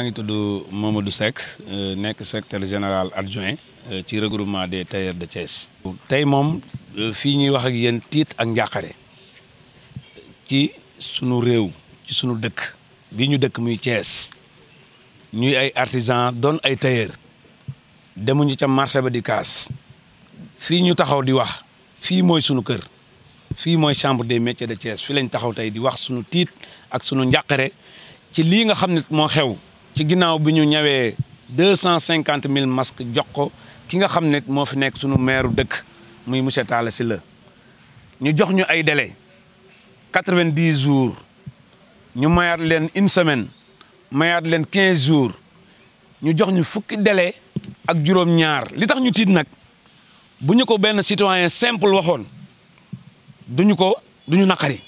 maa ngi tudd Mamadou Seck euh, nekk secrétaire général adjoint euh, ci regroupement des tailleurs de Thiès. tey moom euh, fii ñuy wax ak yenn tiit ak njàqare ci sunu réew ci sunu dëkk bi ñu dëkk muy Thiès ñuy ay artisan doon ay tailleur demuñu ca marché ba di kaas fii ñu taxaw di wax fii mooy sunu kër fii mooy chambre des métiers de Thiès fii lañ taxaw tey di wax sunu tiit ak sunu njàqare ci lii nga xam ne moo xew ci ginnaaw bi ñu ñawee deux cent cinquante mille masques jox ko ki nga xam ne moo fi nekk sunu maire dëkk muy monsieur si la ñu jox ñu ay délai quatre vingt jours ñu mayaat leen une semaine mayaat leen quinze jours ñu jox ñu fukki délai ak juróom-ñaar li tax ñu tiit nag bu ñu ko benn citoyen simple waxoon duñu ko duñu naqari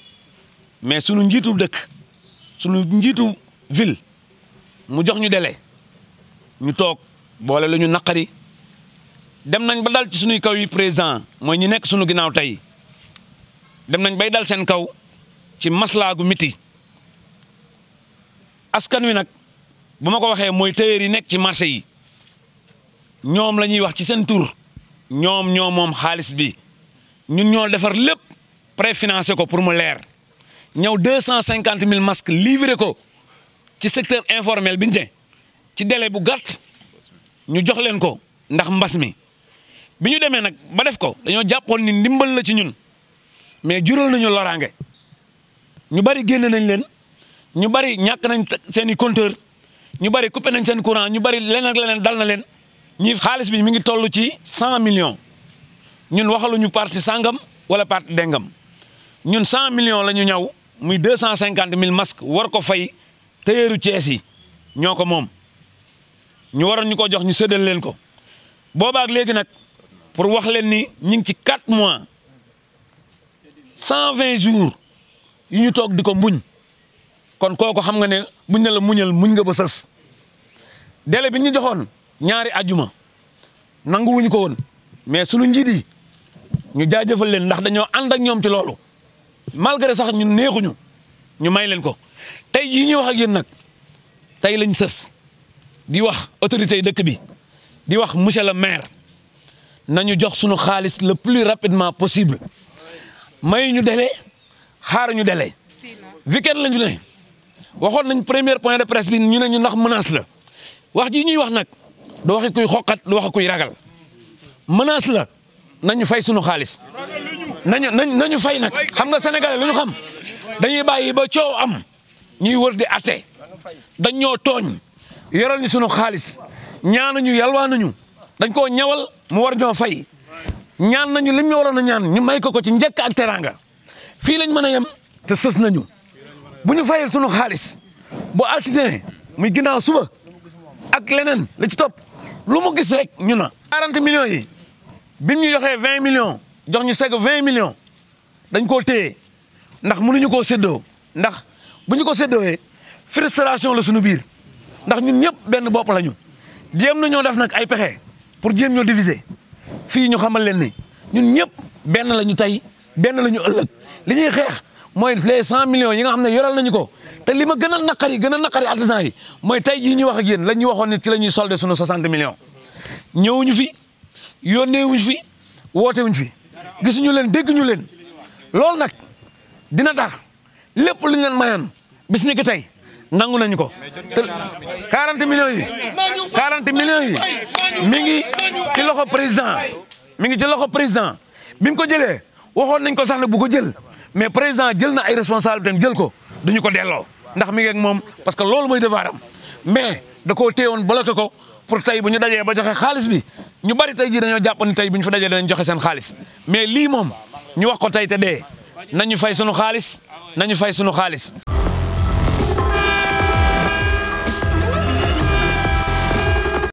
mais sunu njiitu dëkk sunu njiitu ville. mu jox ñu délai ñu toog boole lañu naqari dem nañ ba dal ci suñuy kaw yi président mooy ñu nekk suñu ginnaaw tey dem nañ bay dal seen kaw ci maslaagu gu miti askan wi nag bu ma ko waxee mooy tailleur yi nekk ci marché yi ñoom la ñuy wax ci seen tur ñoom ñoo moom xaalis bi ñun ñoo defar lépp préfinancé ko pour mu leer ñaw deux cent cinquante mille masques livré ko ci secteur informel bi ñu ci délai bu gàtt ñu jox leen ko ndax mbas mi bi ñu demee nag ba def ko dañoo jàppoon ni ndimbal la ci ñun mais jural nañu loraange ñu bari génne nañ leen ñu bari ñàkk nañ seen i compteur ñu bari coupé nañ seen courant ñu bari leneen ak leneen dal na leen ñi xaalis bi mi ngi toll ci cent million ñun waxaluñu parti sangam wala parti dengam ñun cent million la ñu ñaw muy deux cent cinquante mille masques war ko fay. téyeeru Cees yi ñoo ko moom ñu waroon ñu ko jox ñu séddal leen ko boobaak léegi nag pour wax leen ni ñu ngi ci quatre mois cent vingt jours yu ñu toog di ko mbuñ kon kooku xam nga ne buñ ne la muñal muñ nga ba sës délai bi ñu joxoon ñaari ajuma nanguwuñu ko woon mais suñu njiit yi ñu jaajëfal leen ndax dañoo ànd ak ñoom ci loolu malgré sax ñu neexuñu ñu may leen ko tey yi ñuy wax ak yéen nag tey lañu sës di wax autorité yi dëkk bi di wax monsieur le maire nañu jox sunu xaalis le plus rapidement possible may ñu délai xaar ñu dele weekend lañu ne waxoon nañ premier point de presse bi ñu ne ñu ndax menace la wax ji ñuy wax nag du waxi kuy xoqat du waxi kuy ragal menace la nañu fay suñu xaalis nañu nañu fay nag xam nga sénégalais lu ñu xam dañuy bàyyi ba coow am ñuy wër di atte dañ ñoo tooñ yoral ñu sunu xaalis ñaanuñu yalwaanuñu dañ koo ñawal mu war ñoo fay ñaan nañu lim ñu waroon a ñaan ñu may ko ko ci njëkk ak teraanga fii lañ mën a yem te sës nañu bu ñu fayal sunu xaalis bu altine muy ginnaaw suba ak leneen la ci topp lu mu gis rek ñu na. 40 millions yi bi ñu joxee 20 million jox ñu segg vingt million dañ koo téye. ndax mënuñu koo séddoo ndax bu ñu ko séddoowee frustration la suñu biir ndax ñun ñëpp benn bopp lañu ñu na ñoo def nag ay pexe pour jéem ñoo diviser fii ñu xamal leen ni ñun ñëpp benn la ñu tey benn la ñu ëllëg li ñuy xeex mooy les million yi nga xam ne yoral nañu ko te li ma gën a naqari gën a naqari artisan yi mooy tey jii ñuy wax ak yéen la ñuy waxoon ne ci la ñuy solde suñu 60 millions ñëwuñu fi yónneewuñu fi wootewuñu fi gisuñu leen dégguñu leen loolu nag dina tax lépp lu ñu leen mayoon bis ni tey nangu nañu ko te 40 millions yi 40 millions yi mi ngi ci loxo président mi ngi ci loxo président bi mu ko jëlee waxoon nañ ko sax ne bu ko jël mais président jël na ay responsabilités jël ko duñu ko delloo ndax mi ngeen moom parce que loolu mooy devoir am mais da koo téewoon bloqué ko pour tey bu ñu dajee ba joxe xaalis bi ñu bari tey jii dañoo jàpp ne tey bu ñu fa dajee danañ joxe seen xaalis mais lii moom ñu wax ko tey te dee nañu fay sunu xaalis nañu fay sunu xaalis